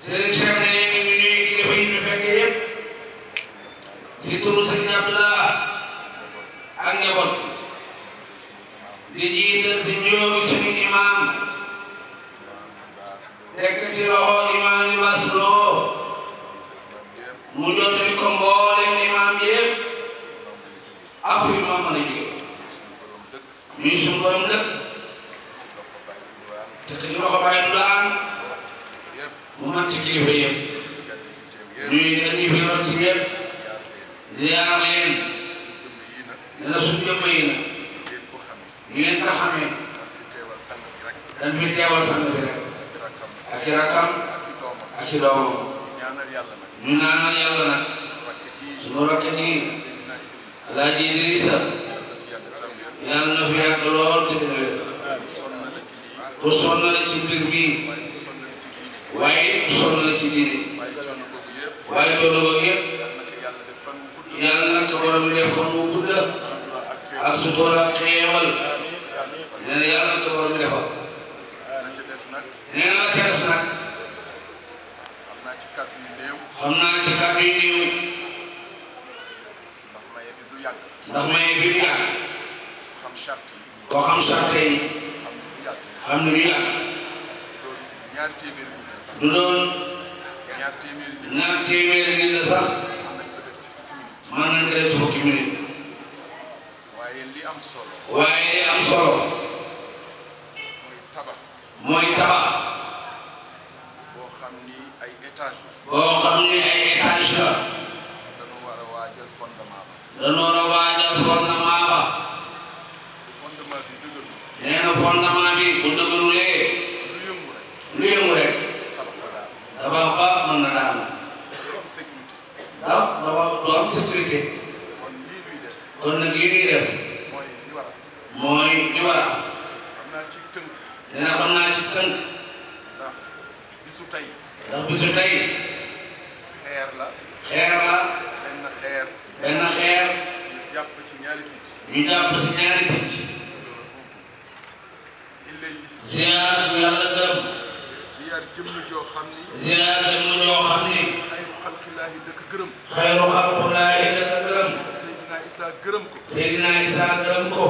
Serigne Cheikh ne ñu ngi nuyu kilifa yi fekk yëpp si turu Serigne Abdoulah ak njaboot di jiital si njóobi suñu imaam tekk ci loxo imaam Libaas Lo mu imaam yëpp ak fu imaam mën a jóge ñuy suñu borom dëkk tekk ci loxo bàyyi dulaan mu mat ci kilifa yëpp fi mat ci yëpp ziyaar leen dana suñ jëmm yi na ngeen ko xamee dañ fi teewal sang bi rek ak i rakkam ak i doomam ñu naanal yàlla nag suñu fi yàgg lool te dina ku sonn la ci mbir mi waaye sonn la ci diine waaye loolu boobu yëpp yàlla na ko borom def fan wu gudda ak sutura ak xeewal nee na yàlla na ko borom defal nee na la ca des nag xam naa ci kàddu yu néew ndax maye bi du yàgg koo xam charte yi xam ne du yàgg. du doon ñaar téeméeri nit la sax mën nañ ko def ci fukki minute waaye li am solo waaye li am solo mooy tabax boo xam ni ay étage boo xam ni ay étage la dañu war a waajal fondement ba dañu war a waajal fondement ba nee na fondement bi bu dëgërulee lu yëngu rek dafa baax mën na daan daw dafa du am sécurité kon nag li ñuy def mooy li war a nee na xam naa ci tënk ndax bisu tey ndax bisu tey xeer la xeer la benn xeer benn xeer ñu jàpp ci ñaari picc ñu jàpp ci ñaari picc ziyaar yàlla gërëm ziar jëmm joo xam ni. ziar jëmm joo xam ni. xayru xalqillaahi dëkk gërëm. xayru xalqillaahi dëkk gërëm. Seydina Isa gërëm ko. Seydina Isa gërëm ko.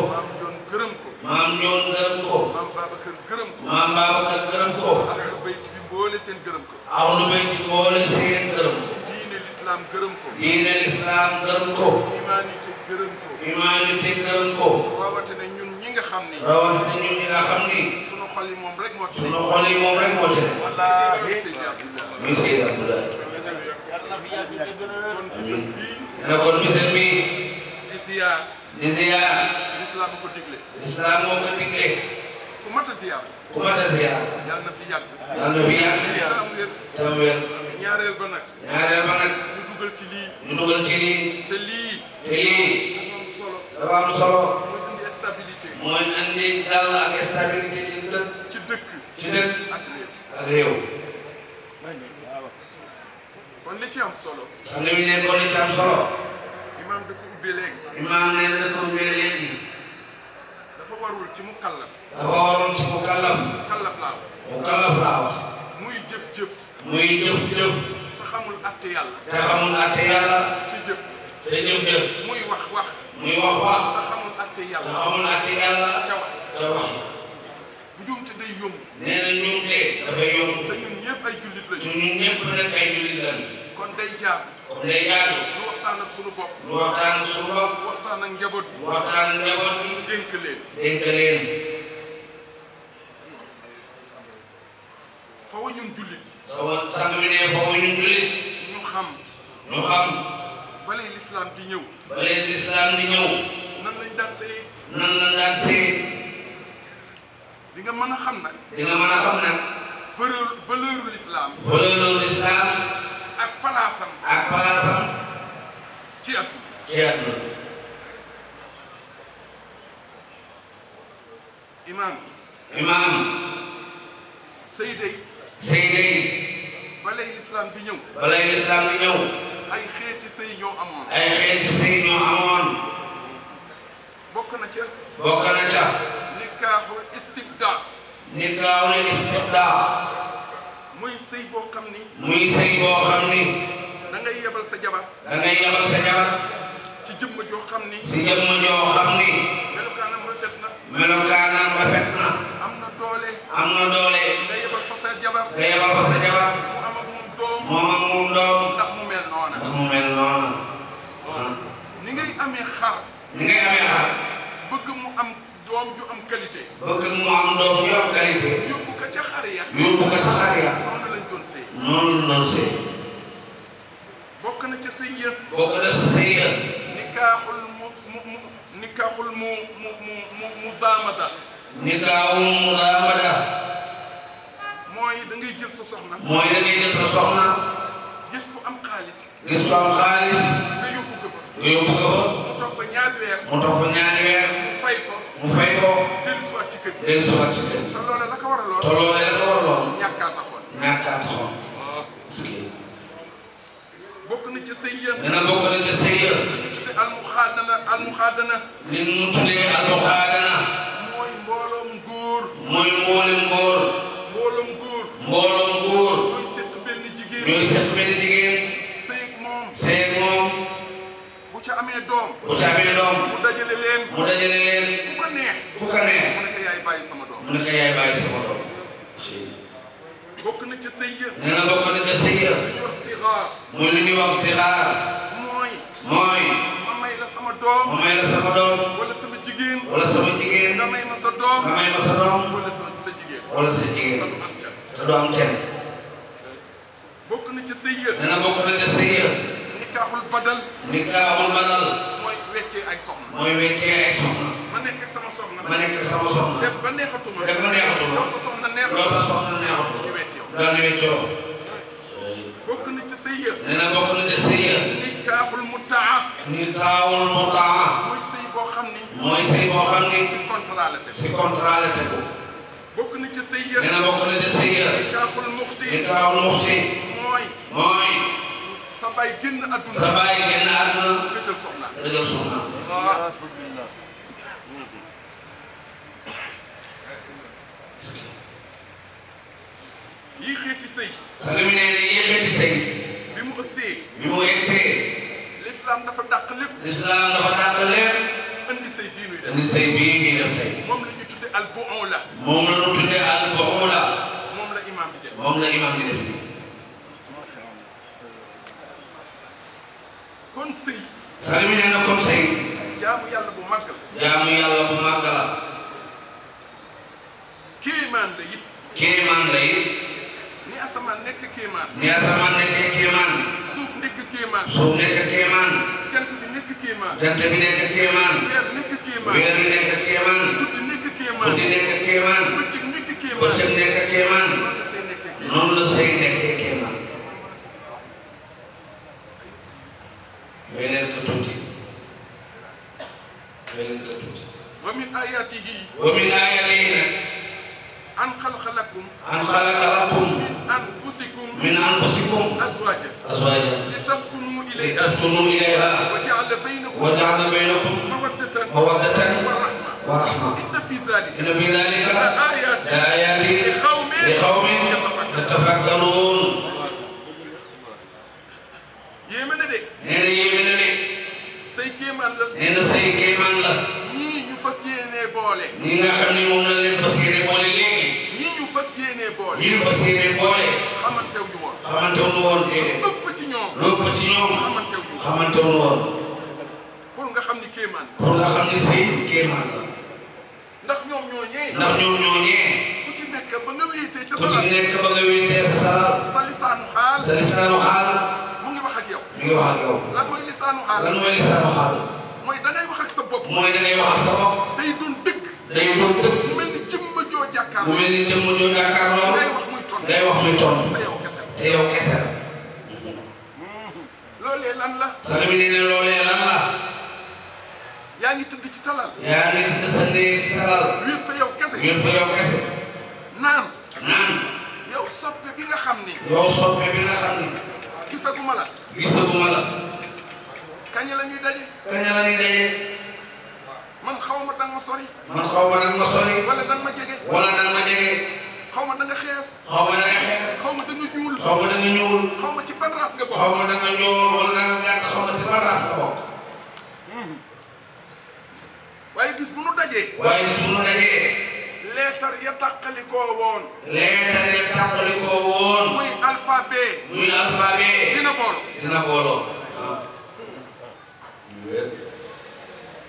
maam Njoon gërëm ko. maam Njoon gërëm ko. maam Babacar gërëm ko. maam ko. ahlu bayt bi mboole seen gërëm ko. ahlu bayt bi mboole seen gërëm ko. diine lislaam ko. diine lislaam ko. humanité gërëm ko. humanité gërëm ko. rawatina ñun. nga xam ni. rawatina ñun ñi nga xam ni. sunu xol yi moom rek moo ci. sunu xol yi moom rek moo ci. muy Seydi Abdoulaye. amiin. ne kon monsieur bi. di ziar. di ziar. l'islam moo ko digle. l'islam moo ko digle. ku mat a ziar. ku mat a ziar. yàlla na fi yàgg. yàlla na fi yàgg. tam weer. ñaareel ba nag. ñaareel ba nag. ñu dugal ci lii. ñu dugal ci lii. te lii. te lii. dafa am solo. mooy andi dal ak stabilité ci dëkk ci dëkk ci dëkk ak réew kon li ci am solo sanga mi ne kon li am solo imaam da ko ubbee léegi dafa warul ci ci mu kallaf mu kallaf mu kallaf laa wax muy jëf-jëf muy jëf-jëf te jëf-jëf muy wax wax muy wax wax nga xamul atte yàlla nga xamul atte yàlla ca wax ca wax day yomb nee na njuumte dafay yomb te ñun ñëpp ay jullit lañu ñun ñëpp nag ay jullit lañu kon day jaadu kon day jaadu lu waxtaan ak sunu bopp lu jullit sawa xam ñu xam balay lislaam di ñëw ba léegi di ñëw. nan lañ daan sëy. nan lañ daan sëy. di nga mën a xam nag. di nga mën a ak palaasam. ak palaasam. ci àdduna. ci àdduna. imaam. imaam. sëy day. sëy day. balay lislaam di ñëw. ay xeeti sëy ñoo amoon. ay xeeti sëy ñoo amoon. bokk na ca. bokk na ca. nikaaxul istibda. nikaaxul istibda. muy sëy boo xam ni. muy sëy boo xam ni. da ngay yebal sa jabar. da ngay yebal sa jabar. ci jëmm joo xam ni. ci jëmm joo xam ni. melokaanam rafet na. melokaanam rafet na. am na doole. am na doole. nga yebal fa sa jabar. nga yebal fa sa jabar. mu am ak moom doom. mu am ak moom doom. noona ndax mu mel noona ni ngay amee xar ni ngay amee xar bëgg mu am doom ju am qualité bëgg mu am doom ju am qualité yóbbu ko ca xar ya yóbbu ko ca xar ya noonu lañ doon sëy noonu lañ doon sëy bokk na ca sëy ya bokk na ca sëy ya nikaaxul mu mu mu nikaaxul mu mu mu mu daamada nikaaxul mu daamada mooy da ngay jël sa soxna mooy da ngay jël sa soxna gis ku am xaalis gis ko am xaalis nga yóbbu ko fa mu toog fa ñaari weer mu fay ko mu fay ko dellu si waat ci kër te loolee la ko waraloon ñàkk a taxoon ñàkk a taxoon ah. bokk na ci sëy ya dana bokk na ci sëy ya tuddee almuxaadana almuxaadana li mu tuddee almuxaadana mooy mbooloom góor mooy mboolem góor mbooloom góor mbooloom góor ñooy seq benn jigéen doom bu taamee doom mu dajale leen mu dajale leen ku ko neex ku ko neex mu ne ko yaay bàyyi sama doom mu ne ko yaay bàyyi sama doom bokk na ca sëy ya nee na bokk na ca sëy ya muy li ñuy wax sixaar mooy mooy ma may la sama doom ma may la sama doom wala sama jigéen wala sama jigéen nga may ma sa doom nga may ma sa doom wala sa jigéen wala sa jigéen te du am kenn bokk na ca sëy ya nee na bokk na ca sëy ya nikaaxul badal nikaaxul badal weccee ay soxna. mooy weccee ay soxna. ma nekk sama soxna. ma nekk sama soxna. dem ba neexatuma. dem ba neexatuma. yow sa soxna neexatuma. yow sa soxna neexatuma. ñu weccee woon. daal di weccee woon. bokk na ci sëy ya. nee na bokk na ci sëy ya. nikaaxul mutaa. nikaaxul mutaa. mooy sëy boo xam ni. mooy sëy boo xam ni. ci contrat la tegu. ci contrat la tegu. bokk na ci sëy ya. nee na bokk na ci sëy ya. nikaaxul muxti. nikaaxul muxti. mooy. mooy. sa baay génn àdduna sa baay génn àdduna nga jël soxna nga jël soxna yii xeeti sëy sa nga mi nee ne yii xeeti sëy bi mu ëgsee bi mu ëgsee lislaam dafa dàq lépp lislaam dafa dàq lépp indi sëy bii nuy def indi sëy bii ñuy def tey moom la ñu tuddee al bu'ula moom la ñu tuddee al bu'ula moom la imaam bi def moom la imaam bi def kon sëy sëriñ bi nee na bu màgg la jaamu yàlla bu ni asamaan nekk kéemaan ni nekk kéemaan suuf nekk kéemaan suuf nekk kéemaan jant nekk kéemaan jant nekk kéemaan weer nekk kéemaan weer nekk kéemaan guddi nekk kéemaan nekk ومن آياته ومن آياته أن خلق لكم أن خلق لكم من أنفسكم من أنفسكم أزواجا أزواجا لتسكنوا إليها لتسكنوا إليها وجعل بينكم وجعل بينكم مودة مودة ورحمة ورحمة إن في ذلك إن في ذلك آيات آيات tollu woon. pour nga xam ni kéemaan. pour nga xam ni si kéemaan la. ndax ñoom ñoo ñee. ndax ñoom ñoo ñee. ku ci nekk ba nga wéytee ca salaat. ku ci nekk ba nga wéytee ca salaat. sa lisaanu xaal. sa lisaanu xaal. mu ngi wax ak yow. mu ngi wax ak yow. lan mooy lisaanu xaal. lan mooy lisaanu xaal. mooy da ngay wax ak sa bopp. mooy da ngay wax ak sa bopp. day doon dëgg. day doon dëgg. mu mel ni jëmm joo jàkkaarloo. mu mel ni jëmm joo jàkkaarloo. ngay wax muy tontu. ngay wax muy tontu. te yow kese la. loolee lan la. sang bi lan la. yaa ngi tëdd ci salal. yaa ngi tëdd sa salal. wér fa yow kese. wér fa yow kese. naan. bi nga xam ni. yow soppe bi nga xam ni. gisaguma la. gisaguma la. kañ la ñuy daje. kañ la man xaw ma danga ma sori. man xaw ma danga ma sori. wala danga ma jege. wala danga ma jege. xaw ma da nga xees. xaw ma ñuul. xaw ma ñuul. xaw ci ban nga bokk. xaw ma ñuul wala da nga gàtt xaw ma nga bokk. Hmm. waaye bis bu nu waaye bis bu nu leetar ya tàqalikoo woon. leetar ya tàqalikoo woon. muy alphabet. muy alphabet. dina booloo. dina booloo.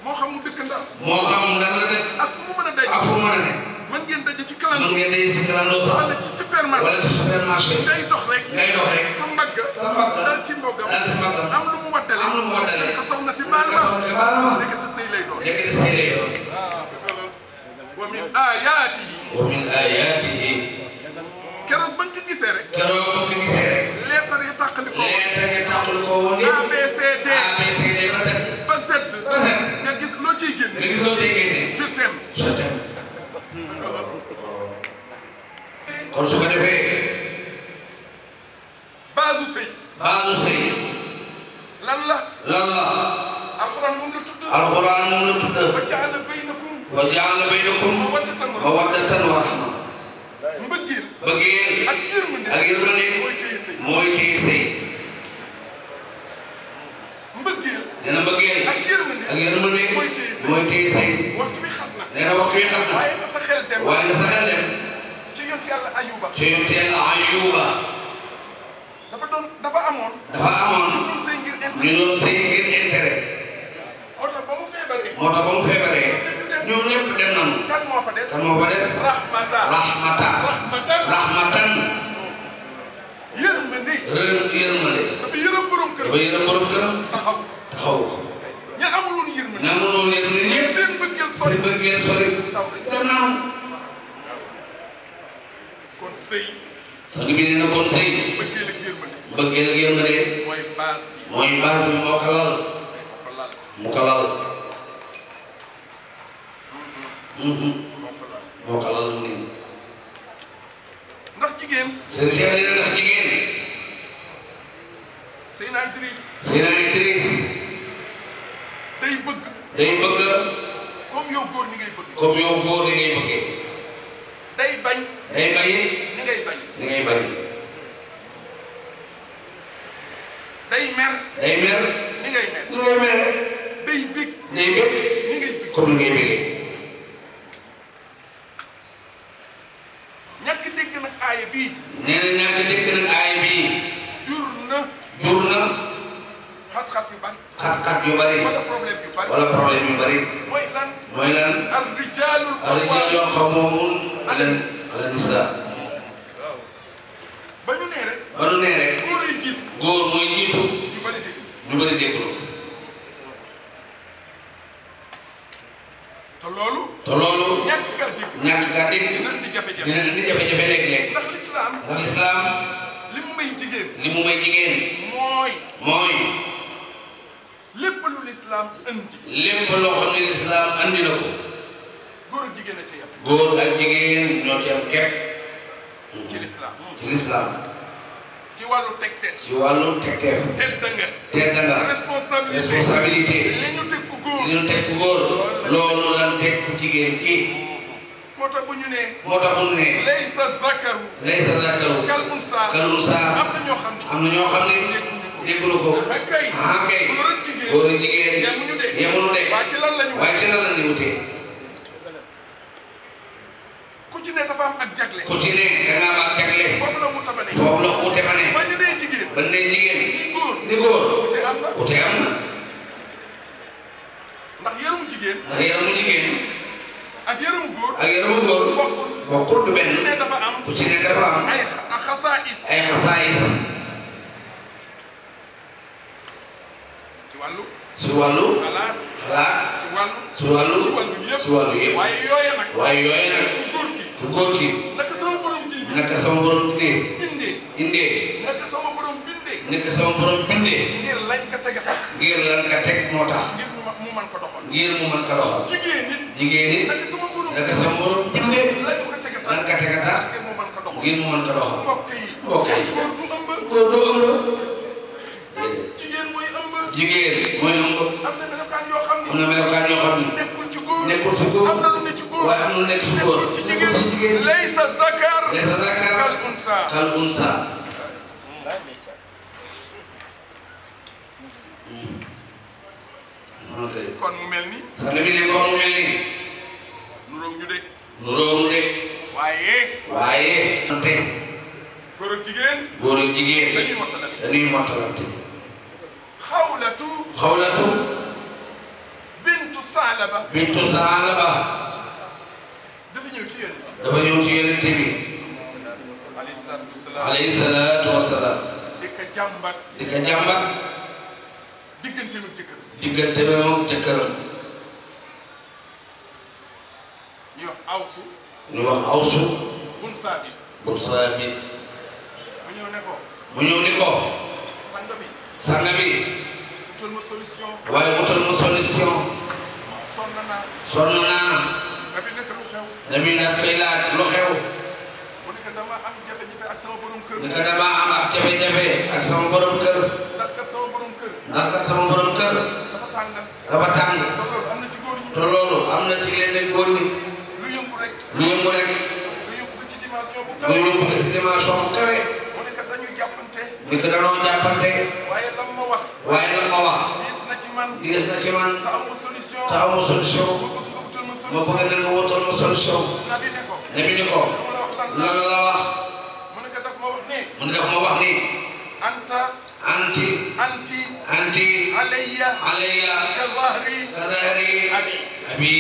moo xam mu dëkk ndar. moo xam ndar la de. ak mu mën a daj. ak fu mu mën a daj. mën ngeen daje ci kalandoo. mën ngeen daje ci kalandoo. wala ci supermarché. wala ci supermarché. ngay dox rek. ngay dox rek. sa mbagg. sa mbagg dal ci mboggam. dal ci mboggam. am lu mu waddale. am lu mu waddale. nga soog na si baal ma. nekkati sëy lay doon. nekkati sëy lay doon. wa min ayaatihi. wa min ayaatihi. keroog ba nga ko gisee rek. keroog ba nga ko gisee rek. leetar yi tàqali ko woon. leetar yi tàqali ko woon. ABCD. ABCD ba set. ba set. ba set. nga gis loo ciy génne. nga gis loo ciy génne. je t'aime. je t'aime. kon su defee. baasu sëy. baasu sëy. lan la. moom la tudd. alxuraan moom la wa jaala baynakum. wa jaala baynakum. mawaddatan wa mooy téye sëy. mbëggeel. dina mbëggeel. ak mooy téye nee na waxtu yi xam na waaye na sa xel dem ci yonent yàlla ayuba ayuba dafa doon dafa amoon dafa amoon ñu doon sëy moo tax mu feebaree moo tax ba mu feebaree ñoom ñëpp dem nañu kan moo fa des kan moo fa des ña amuloon yërmande amuloon yërmande ñëpp seen bëggeel sori na kon sëy bëggeel ak yërmande bëggeel ak yërmande mooy base bi mooy base bi moo ko lal mu ko lal moo ko mu ne ndax jigéen sëñ Cheikh nee na jigéen Seydina Idriss Seydina day bëgg comme yow góor ni ngay bëggee. comme yow góor ni ngay bëggee. day bañ. day bañ ni ngay bañ. ni ngay bañ. day mer. day mer. ni ngay mer. ni ngay mer. day bëgg. day bëgg. ni ngay bëgg. comme ni ngay bëggee. bëri dégg na ko te loolu te loolu ñàkk gaa dégg dina indi jafe-jafe léeg-léeg ndax lislaam ndax lislaam li may jigéen li may jigéen mooy mooy lépp lu lislaam andi lépp loo xam ne andi na ko góor ak jigéen ñoo ci am képp ci lislaam ci lislaam ci wàllu tegteef. ci wàllu tegteef. tedd nga. tedd nga. ku góor loolu lan teg ku jigéen kii. moo tax bu ñu ne. am na ñoo xam ko. Ah, ah kay. góor ak jigéen yemuñu de. waaye ci lan la ñu wute. ci ne dafa am ak jagle. ku ci ne da ngaa am ak jagle. foofu la mu tabane. foofu la mu tabane. ba ñu jigéen. ba ñu jigéen. ni góor ute am na ndax yaramu jigéen. ak yaramu góor. ak benn. ku ci ne dafa am. ku ci ne ay xasaayis. ay xasaayis. wàllu. ci wàllu. wàllu. ci wàllu. waaye yooya nag. su góor gi naka sama borom ji naka sama borom bindee bindee indee naka sama borom bindee naka sama borom bindee ngir lañ ka teg a tax ngir lañ ka teg moo tax ngir mu mën ko doxal ngir mu mën ko doxal jigéen nit jigéen nit naka sama borom naka sama borom bindee lañ ka teg a tax lañ ka mu mën ko doxal ngir mu mën ko doxal mbokk yi mbokk yi góor du ëmb góor du ëmb jigéen mooy ëmb jigéen mooy ëmb am na melokaan yoo ci góor nekkul ci góor am lu ne ci waaye amul nekk su góor. nekkul ci jigéen ñi laysa zakar. laysa zakar kal unsa kal unsa. kon mu mel nii. sax bi ne kon mu mel nii. nuróo ñu de. nuróo ñu de. waaye. waaye. ante. góor ak jigéen. góor ak jigéen. dañuy mottalante dañuy mottalante. xawlatu. xawlatu. bintu saalaba. bintu saalaba. dafa ñëw ci yonent bi alayhi salaatu wasalaam di ko jàmbat di ko jàmbat diggante bi jëkkëram diggante bi moom jëkkëram ñu wax awsu ñu wax awsu bun saabi bun saabi mu ñëw ne ko mu ñëw ni ko sang bi sang bi wutal ma solution waaye wutal ma solution sonn naa sonn naa Nabil nag koy laaj lu xew. mu ne ko dama am jafe-jafe ak sama borom kër. mu ne sama borom kër. ndax kat sama borom kër. ndax kat sama borom kër. dafa tàng. dafa tàng. te loolu am na ci lenn góor ñi. lu yëngu rek. lu yëngu rek. lu yëngu ci ma bëgg na nga wutal ma solution nabi ni ko lan la wax mun nga def ma wax ni mun nga ma wax ni anta anti anti anti alayya alayya ka zahri ka zahri abi abi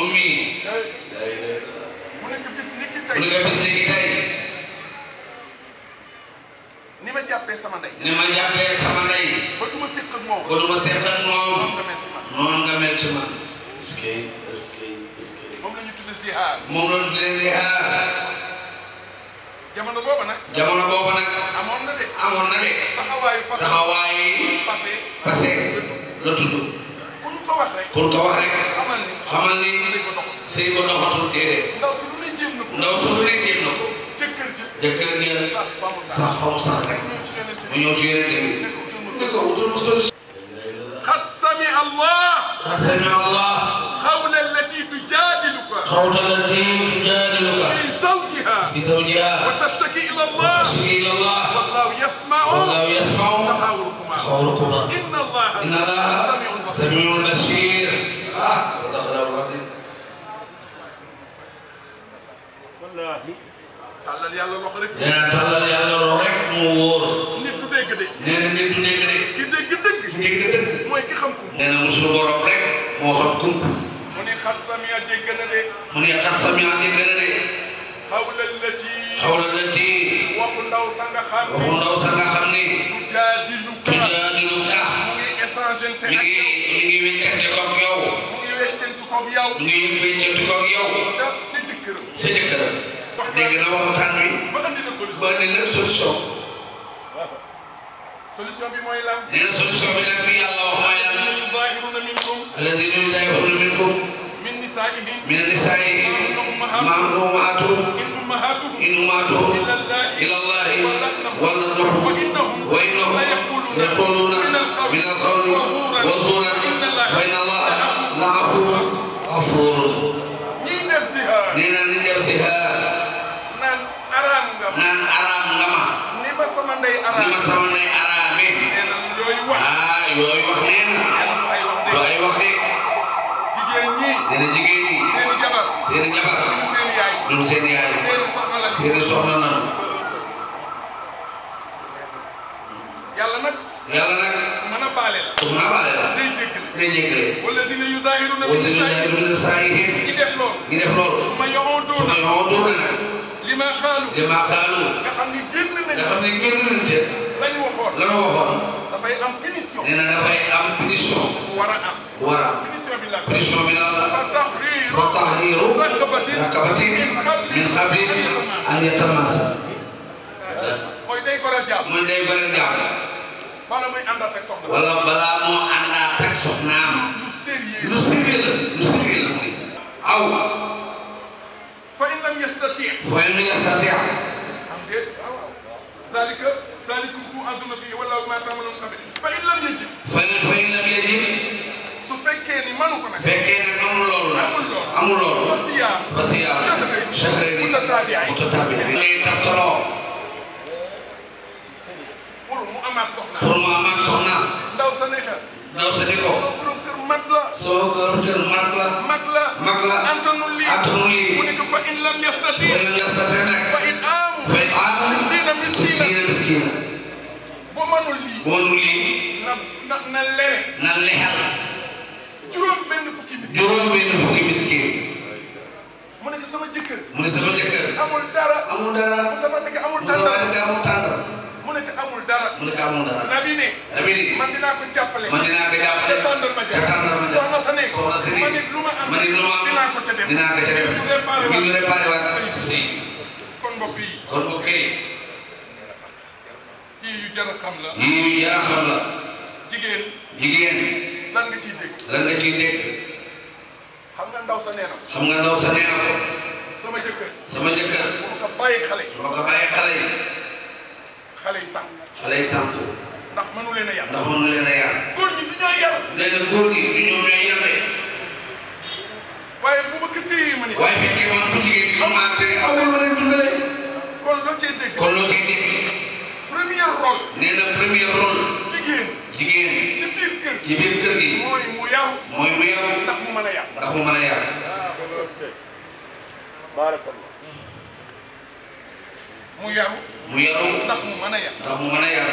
ummi mun nga bis ni ki tey mun nga bis ni ki tey ni ma jàppee sama ndey ni ma jàppee sama ndey ba du ma seq ak moom ba du ma seq ak moom noonu nga mel ci man zihaar. moom la ñu tuddee zihaar. jamono boobu nag. jamono nag. amoon na de. amoon na de. la tudd. ku rek. ku ni xamal ni sëy ba doxatul déedéet. ndaw si lu ne jéem na ko. ndaw si lu ne jéem na ko. jëkkër ji. jëkkër ji sax sax rek. mu ñëw ci yeneen tamit. ne ko utul ma قد سمع الله قد سمع الله قولا التي تجادلك قولا التي تجادلك في زوجها في زوجها وتشتكي إلى الله وتشتكي إلى الله والله يسمع والله يسمع تحاوركما تحاوركما إن الله إن الله سميع بشير آه، يا الله العظيم والله tàllal yàlla loxo rek. nee na tàllal yàlla loxo ñi xam ko. nee na mu suñu borom rek moo xam ko. mu ne xat samia dégg na de. mu ne xat samia dégg na de. xawla lati. xawla lati. waxu ndaw sa nga xam ne waxu ndaw sa nga xam ne. du jaadilu ka. du jaadilu ka. mu ngi échangente ak yow. mi ngi mi ngi weccante koog yow. mu ngi weccante koog yow. mu ngi weccante koog yow. ca ca jëkkëram. ca jëkkëram. dégg na waxtaan wi. ba andi na solution. solution bi mooy lan. nee na solution bi nag lii yàlla wax mooy lan. alladina yuzahiruna minkum. alladina yuzahiruna minkum. min nisaihim. min nisaihim. maam ummahatuhum. in ummahatuhum. in ummahatuhum. ila allahi. wallatnahum. wa innahum. wa innahum. la yaquluna. min alqawli. wa zura. wa inna allaha la afuwwun gafurun. ñiy def zihaar. nee na ñiy def zihaar. naan araan nga. naan araan. sama ndey araam ni ma ah yooyu wax nee na lu ay wax de jigéen ñi jabar seeni jabar ñun seen yaay seeni soxna na yàlla nag yàlla nag mën Mana baale Ini pour mën a baale la day jéggale day jéggale wala dina yu zaahiru na wala dina yu zaahiru li ma xaalu li ma xaalu nga xam ni génn nañ nga xam ni génn nañ ca lañ waxoon la waxoon dafay am punition nee na min qabli an yatamasa mooy day goral jaam mooy day goral jaam wala muy àndaat ak soxna wala balaa moo àndaat ak soxnaam lu sérieux la وإن لم يستطع ذلك ذلكم توعظون به والله بما تعملون خبير فإن لم يجد فإن لم يجد su fekkee ni mënu ko nag fekkee ne amul loolu amul loolu fasiya shahrayni mutataabi'ayni ngay tàttaloo pour mu amaat soxna pour mu amaat soxna ndaw sa ne ko mat la soo ko roteel mat la mat la mat la antanu lii antanu lii mu ne ko fa in lam yastati fa in yastati nag fa in aamu fa in aamu tina miskina tina miskina bu mënul lii bu mënul lii na na na lere na lexal juróom benn fukki miskin juróom benn fukki miskin mu ne ko sama jëkkër mu ne sama jëkkër amul dara amul dara sama dëkk amul tàndar mu ne amul dara amul dara nabi ne nabi ne man dinaa ko jàppale man dinaa ko jàppale te tàndal ma jàpp kon yi yu la yu la xam nga ndaw sa xam nga ndaw sa sama jëkkër sama jëkkër ko ko xale yi sànq. xale yi sànq. ndax mënu leen a yar. ndax mënu leen premier rôle. nee na premier rôle. jigéen. jigéen. ci biir mu yaru. mooy mu yaru. ndax mu mën mu mën a yar. Ah, mu yaru ndax mu mën a yar ndax mu mën a yar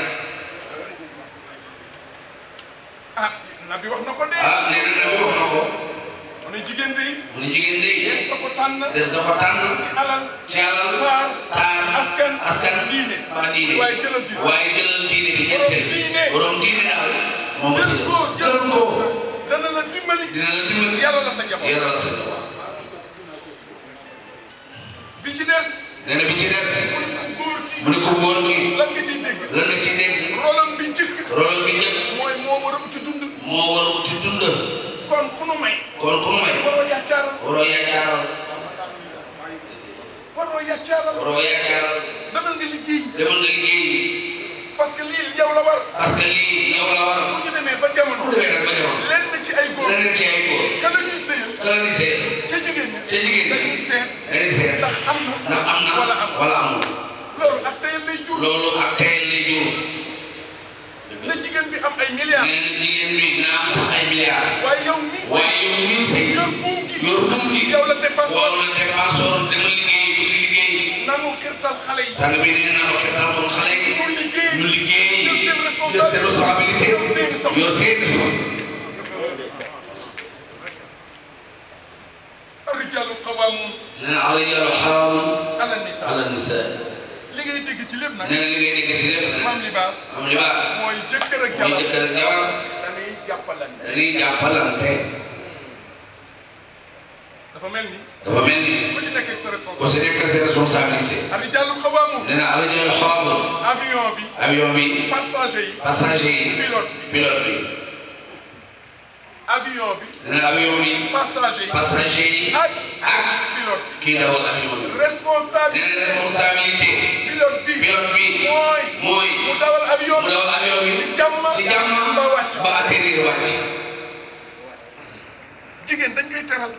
ah nabi wax na ko de ah nee na nabi wax na ko mu ne jigéen de mu ne jigéen de des na ko tànn des na ko tànn ci alal ci alal taar taar askan askan diine ma diine waaye jëlal diine waaye jëlal diine bi ñetteel borom diine daal moom la jël jël ko dana la dimbali dina la dimbali yàlla la sa njaboot yàlla la sa njaboot bi ci des nee na bi ci des mu ne ko góor gi. lan nga ciy dégg. lan nga ciy dégg. rolam bi njëkk. rolam bi njëkk. mooy moo war a uti dund. moo war a uti dund. kon ku nu may. kon ku nu may. waroo yaakaaral. waroo yaakaaral. waroo yaakaaral. waroo yaakaaral. demal nga liggéey. demal nga liggéey. parce que lii yow la war. parce que lii yow la war. bu ñu demee ba jamono. bu ñu demee ba jamono. lenn ci ay góor. lenn ci ay góor. ka la ñuy seeyal. ka la ñuy seeyal. ca jigéen ñi. ca jigéen ñi. dañuy seet. dañuy seet. ndax am na. ndax am na wala amul. loolu ak tayal lay jur. loolu ak tayal lay jur. na jigéen bi am ay milliards. nee na jigéen bi naa am ay milliards. waaye yow mii waaye yow mii sëy. yor buum gi yor buum gi. yow la dépassé waaw la dépassé woon dama liggéey uti liggéey. nangu kirtal xale yi. sang bi nee nangu kirtal woon xale yi. ñu liggéey ñu liggéey. jël seen responsabilité yor seen responsabilité. الرجال قوامون على الرجال قوامون على النساء على النساء li ngay dégg ci lépp nag. nee na li ngay dégg ci lépp nag. am libaas. am libaas. mooy jëkkër ak jabar mooy jëkkër ak jabar. dañuy jàppalante. dañuy jàppalante. dafa mel ni. dafa mel ni. ku ci nekk sa responsabilité. ku ci nekk sa responsabilité. ali jàll xawaamu. nee na ali jàll xawaamu. avion bi. avion bi. passager yi. passager yi. pilote bi pilote bi. avion bi. avion bi. passager yi passager kii dawal avion bi. responsabilité bi pilote mooy. mooy mu dawal avion bi mu ba wàcc. ba atterrir wàcc. jigéen dañ koy teral.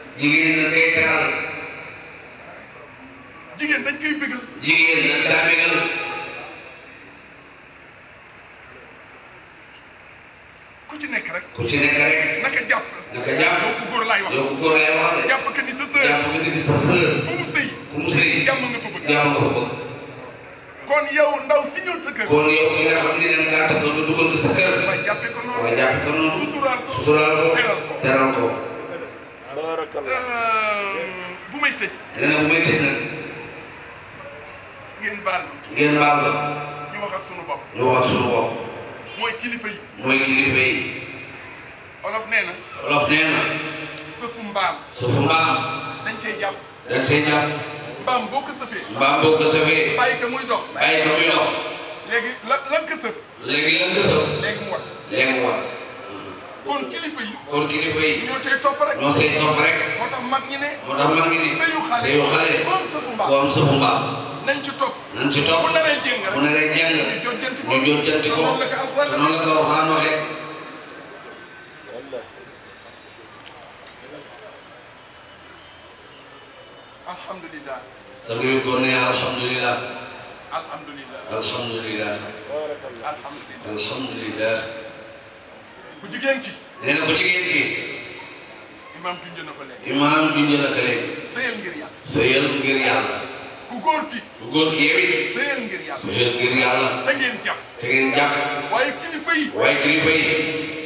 ku ci nekk rek. ku ci nekk rek. naka jàpp. naka jàpp yow ku góor laay wax. yow ku góor laay wax de. jàpp que ni sa sœur. jàpp que ni sa sœur. fu mu sëy. fu mu sëy jàmm nga fa bëgg. jàmm nga fa bëgg. kon yow ndaw si ñëw sa kër. kon yow mi nga xam ne da ngaa tax nga dugal sa kër. waaye jàppee ko noonu. waaye jàppee ko noonu. suturaal ko suturaal ko. teral ko. Ehm, bu may tëj. nee na bu may tëj nag. ngeen baal. ngeen baal. ñu wax ak sunu bopp. ñu wax ak sunu bopp. mooy kilifa yi. mooy kilifa yi. olof nee na. olof nee na. sëfu mbaam. sëfu mbaam. dañ cee jàpp. dañ cee jàpp. mbaam boo muy dox. bàyyi ko muy dox. léegi la lan ko sëf. léegi lan ko sëf. léegi mu war. léegi mu war. kon kilifa yi. nañ ci topp nañ ci topp bu naree jéng janti ko te noonu la ko waxaan waxee alhamdulilah sang bi ko ne alhamdulilah imaam junj na ko léegi imaam junj ku góor ki ku góor ki yewit sëyal ngir yàlla sëyal ngir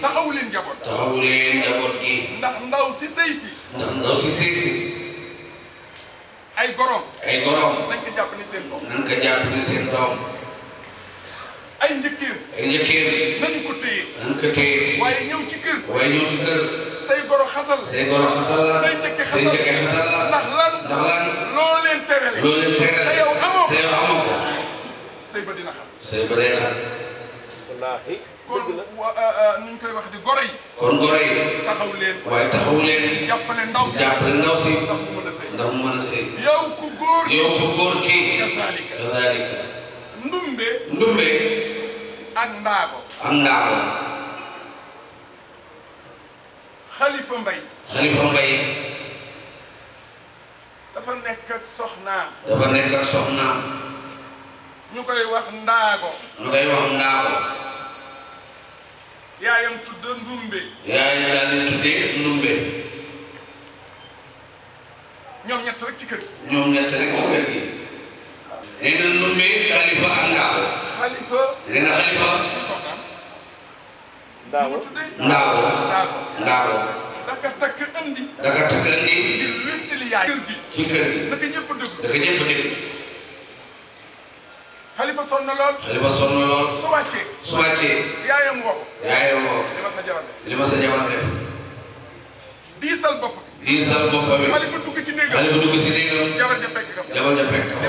taxaw leen njaboot taxaw leen gi ndax ndaw si sëy si ndax ay gorom ay gorom nañ ko jàpp ni seen ay njëkkeen ay njëkkeen nañ ko téye nañ ko téye waaye ñëw waaye ñëw say goro xatal say goro xatal la say njëkk xatal la ndax lan ndax lan loo leen terale loo leen terale te yow amoo ko te yow amoo ko say ba dina xam say ba day xam wallaahi kon nu ñu koy wax di goro yi kon goro yi taxaw leen waaye taxaw leen jàppale ndaw si jàppale ndaw si ndax mu mën a sëy yow ku góor yow ku góor kii kazalika kazalika ndumbe ndumbe ak ndaago ak ndaago xalifa mbay xalifa mbay dafa nekk ak soxnaam dafa nekk ak soxnaam ñu koy wax ndaago ñu koy wax ndaago yaayam tudd ndumbe yaayam daal di ndumbe ñoom ñett rek kër ñoom ñett rek ci kër gi nee ndumbe xalifa ak ndaago xalifa nee xalifa ndaawo ndaawo ndaawo daka takk andi daka takk andi ngir wéttali yaay kër gi ci kër gi naka ñëpp dëgg naka ñëpp dëgg xalifa sonn na lool xalifa sonn na lool su wàccee su wàccee yaayam woo ko yaayam woo ko li ma sa jabar def li ma sa jabar bopp diisal bopp dugg ci néegam xalifa dugg ja fekk ka ja fekk li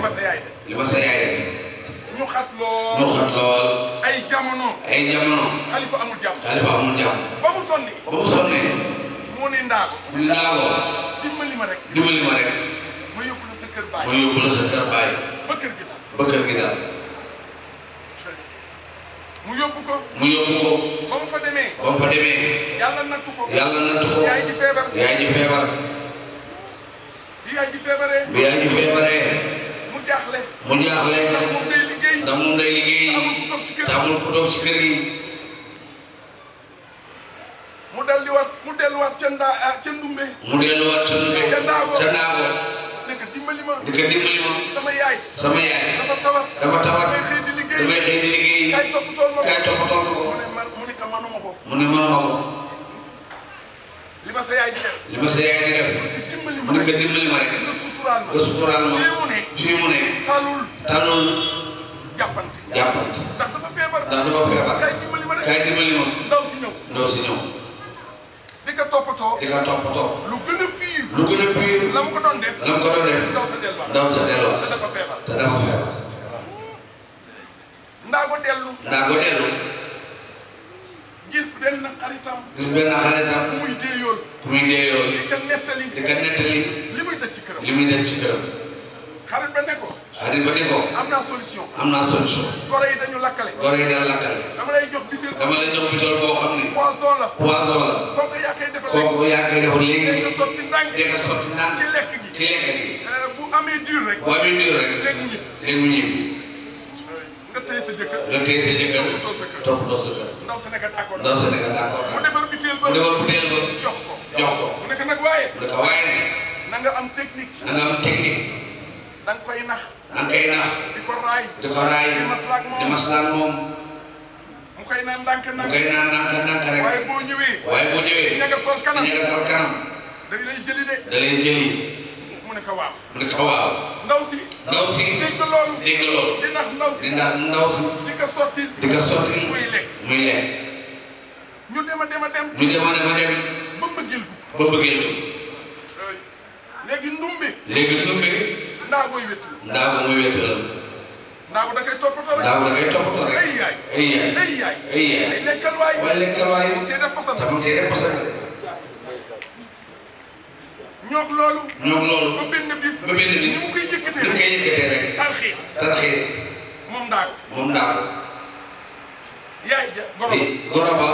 ma sa yaay def ñu xat lool ñu xat lool ay jamono ay jamono xalifa amul jàmm xalifa amul jàmm ba mu sonni ba mu sonni mu ne ndaago ndaago dimbali ma rek dimbali ma rek ma yóbbu la sa kër baay ma yóbbu la sa kër baay ba kër gi daal ba kër gi daal mu yóbbu ko mu yóbbu ko ba mu fa demee ba mu fa demee yàlla nattu ko yàlla nattu ko yaay ji feebar yaay ji feebar bi yaay ji feebaree bi yaay ji feebaree mu jaaxle mu jaaxle ndax moom day liggéey te amul mu delluwaat mu delluwaat ca ndaa ah, ca ndumbe. mu delluwaat ca ndumbe ca di ko dimbali ma ma. sama yaay sama yaay. dafa di liggéey di liggéey. kaay toppatoo ma ko kaay ma ko. mu ma sa yaay ma sa yaay ma rek. nga ma nga jàppante. jàppante ndax dafa feebar. ndax dafa feebar kay dimbali ma de. kay dimbali ma ndaw si ñëw. ndaw si ñëw. di nga toppatoo. di nga toppatoo. lu gën a pire. lu gën a pire. la mu ko doon def. la mu ko doon def. ndaw sa delluwaat. ndaw sa delluwaat. te dafa feebar. te dafa feebar. ndaa ko dellu. ndaa ko dellu. gis benn xaritam. gis benn xaritam. ku muy dee yoon. ku muy dee yoon. di ka nettali. di ka nettali. li muy daj ci këram. li muy daj ci këram. xarit solution. la solution. yi dañu dañu dama lay jox dama lay jox la. poisson la. kooku yaa defal defar léegi. kooku yaa dégg nga sotti dégg ci lek gi ci lek gi. Euh, bu amé dur rek. bu amé dur rek. sa jëkkër. sa ndaw sa d'accord. sa d'accord. mu defar ba. jox ko jox ko. nga am technique. nga technique. koy nga koy nax di ko raay di ko raay di maslaak moom mu koy naan ndànk ndànk mu koy naan ndànk ndànk rek waaye boo ñëwee waaye boo ñëwee di sol kanam di da jëli de da jëli mu ne ko waaw mu ne ko waaw ndaw si ndaw si dégg loolu dégg di ndax ndaw si di ndax ndaw di ko di ko sotti muy lekk muy lekk ñu dem a dem a dem ñu dem a ndaagoy wéttu la ndaago mooy wéttu toppatoo rek ndaago da toppatoo rek ñoog loolu ñoog loolu ba benn bis ni mu koy yëkkatee rek ni mu moom ndaago moom ndaago goroba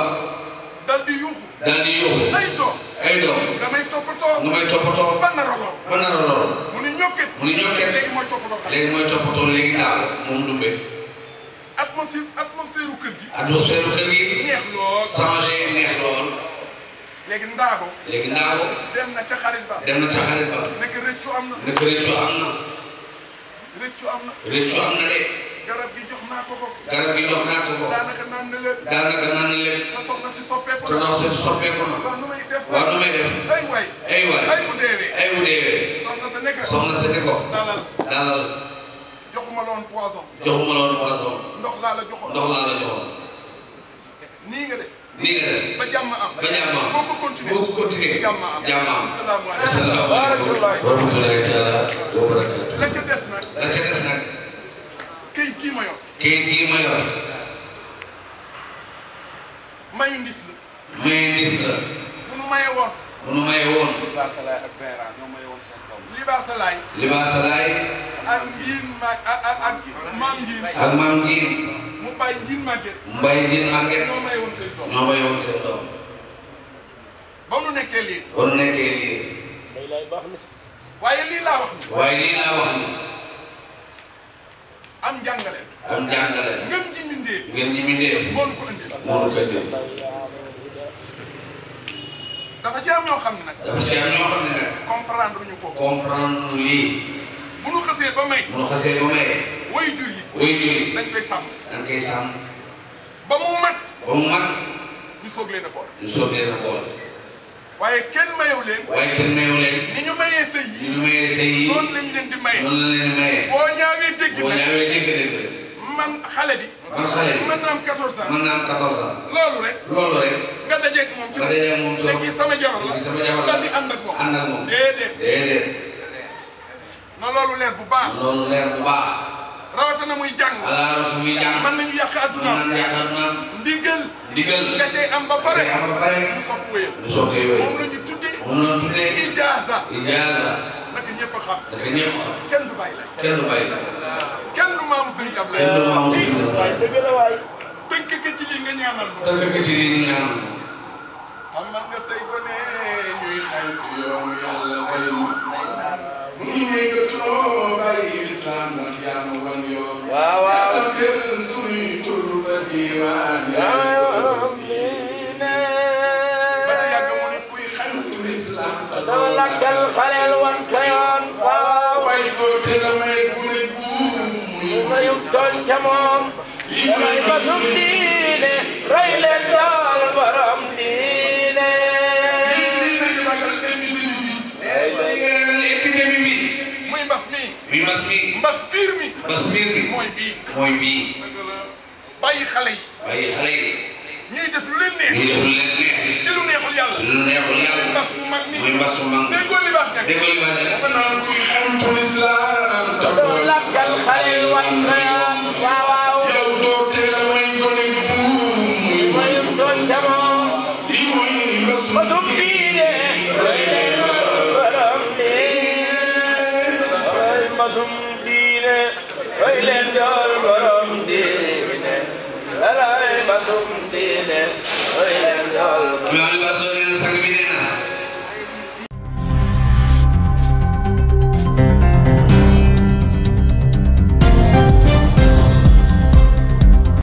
dal di yuuxu dal di yuuxu ay doom. damay toppatoo. damay toppatoo. ba nar a lor. ba nar a lor. mu ni ñokket. mu ni ñokket. léegi mooy toppatoo. léegi mooy toppatoo léegi daal moom Dumbe. atmosphère atmosphère kër gi. atmosphère kër gi. neex lool changé neex lool. léegi ndaago. léegi ndaago. dem na ca xarit ba. dem na ca xarit ba. nekk rëccu am na. nekk rëccu am na. rëccu am na. rëccu am na de. garab gi jox naa ko ko. garab gi jox naa ko ko. daanaka naan na leen. daanaka naan na leen. te soxna si soppeeku na. te soxna si soppeeku na. wax nu may def. wax nu may def. ay waay. ay waay ay bu deewee. ay bu deewee. soxna sa ne ko. soxna sa ne ko. dalal dalal. joxuma loon poisson. joxuma loon poisson. ndox laa la joxoon. ndox laa la joxoon. nii nga def. nii nga def. ba jàmm am. ba jàmm am. boo ko continuer boo ko continuer. jàmm am jàmm am. asalaamaaleykum. asalaamaaleykum. wa rahmatulahi taala wa barakaatu. la ca des nag. la ca des nag. kayit gii ma yor. may ndis la. may ndis la. bu nu maye woon. bu nu maye woon. libaasalaay ak Beera ñoo maye woon seen doom. libaasalaay. libaasalaay. ak njiin ma ak ak ak maam njiin. ak maam njiin. mu bay njiin màgget. mu bay njiin màgget. ñoo maye woon seen doom. ñoo maye woon seen doom. ba nu nekkee lii. ba nu nekkee lii. waaye lii laa wax. waaye lii laa wax. am njàngale. am jàngale la. dafa ci am ñoo xam ne nag. dafa ci ñu ko. comprendre lii. ba may. bu nu ba may. way jur yi. way jur yi. dañ koy sàmm. dañ koy sàmm. ba mu mat. ba mu mat. ñu soog a boole. ñu soog a boole. waaye kenn mayewu leen. waaye kenn mayewu leen. ni ñu mayee sëy ni ñu mayee sëy yi. noonu lañ leen di maye. noonu ñaawee dégg nag man xale bi. man xale bi mën naa am 14 ans. mën naa am 14 ans. loolu rek. loolu rek. nga dajeeg moom ci. nga dajeeg moom ci loolu léegi sama jabar la. léegi sama jabar la daal di ànd ak moom. ànd ak moom déedéet. déedéet. na loolu leer bu baax. loolu leer bu baax. rawatina muy jàng. voilà rawatina muy jàng. mën nañu yàq adduna. mën nañu yàq adduna. ndigal. ndigal nga cay am ba pare. nga cay am ba pare. du soppi wéyal. du soppi wéyal moom la ñu tuddee. moom la ñu tuddee. ijaaza. ijaaza. ñëpp a xam. dëgg ñëpp a xam. kenn du bàyyi lay. kenn du bàyyi lay. kenn du maamu sëriñ Ablaye. kenn du maamu sëriñ Ablaye. dëgg la waay. tënk ko ci lii nga ñaanal ma. tënk ko ci lii ñu ñaanal ma. xamal nga say gone ñuy xaytu yoon yàlla way ma. mu ngi nga too bàyyi islam ndax yaa ma wan yoon. waaw waaw yaa tàmbali suñuy tur ba diwaan yaa màggal xaleel wan ka yoon. waaw may may gune buum. mayub doon ca moom. may basum diine. roy leen daal borom diine. épidémie bi. muy mbas mi. muy mbas mi. mbas piir mi. mbas piir mi. mooy ñuy def lu leen neex. ñuy def lu leen neex. ci lu neexul yàlla. ci lu neexul yàlla. muy mbas mu mag mi. muy mbas mu mag mi. déggoo li bas nag. déggoo li bas nag. dafa naan kuy xamtul islam. tabul lakkal xaril wan naan. waaw waaw. yow doo teel a may gone buum. muy mayum doon jamono. yi muy mbas mu mag Hey, Lendo. dile öyle yar. Uyarı